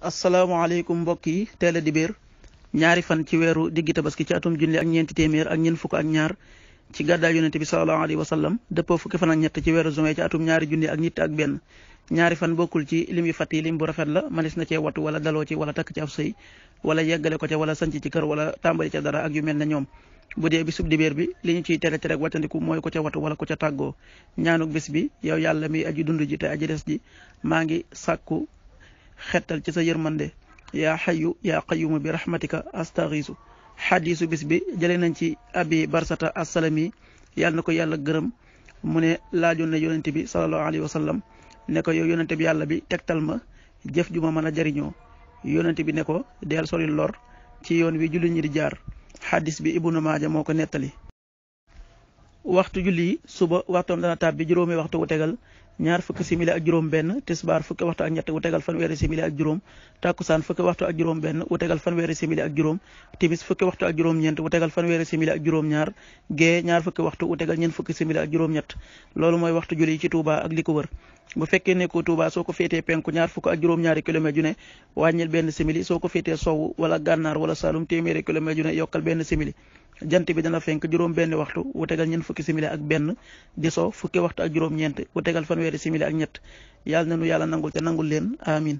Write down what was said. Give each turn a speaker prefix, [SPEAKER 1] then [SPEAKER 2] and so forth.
[SPEAKER 1] asalaamaaleykum mbokk yi teel a dibéer ñaari fan ci weeru diggi tabaski ci atum junni ak ñeenti téeméer ak ñeent fukk ak ñaar ci gàddaay yonente bi sallallahu alayhi wa sallam dëppoo fukki fan ak ñett ci weeru juin ci atum ñaari junni ak ñitt ak benn ñaari fan bokkul ci lim yu fàtt yi lim bu rafet la manis na cee wattu wala daloo ci wala takk ci ab sëy wala yeggale ko ca wala sanc ci kër wala tàmbali ca dara ak yu mel ne ñoom bu dee bisub dibéer bi li ñu ciy tere tere ak wattandiku mooy ko ca watu ko ca tàggoo ñaanuk bis bi yow yàlla mi aji dund ji te aji des ji maa ngi sàkku xetal ci sa yërmande yaa xayu yaa ma bi rahmatika astaxiisu xadiisu bis bi jëlee nañ ci abi barsata assalami yàlla na ko yàlla gërëm mu ne laajoon na yonent bi sallallahu alayhi wa sallam ne ko yow yonent bi yàlla bi tegtal ma jëf ju ma mën a jariñoo yonent bi ne ko deel sori lor ci yoon wi jullit ñi di jaar xadis bi ibnu maaja moo ko nettali waxtu julli suba waxtoom dana tàbbi juróomi waxtu wu ñaar fukki simili ak juróom benn tisbaar fukki waxtu a ñett wu tegal fanweeri simili ak juróom tàkkusaan fukki waxtu ak juróom benn wu tegal fanweeri simili ak juróom timis fukki waxtu ak juróom ñeent wu tegal fanweeri simili ñaar gee waxtu wu tegal ñeent fukki simili ak juróom ñett loolu mooy waxtu julli ci Touba a li ko wër bu fekkee nekkoo Touba soo ko féetee penku ñaar fukk ak juróom-ñaari kilomètre ju ne wàññil benn simili soo ko féetee sowu wala gànnaar wala Saalum téeméeri kilomètre ju ne yokkal benn simili jant bi dana fenk juróom benn waxtu wu tegal ñeent fukki simili ak benn di so fukki waxtu ak juróom-ñeent wu tegal fanweeri simili ak ñett yàlla na nu yàlla nangul te nangul leen amin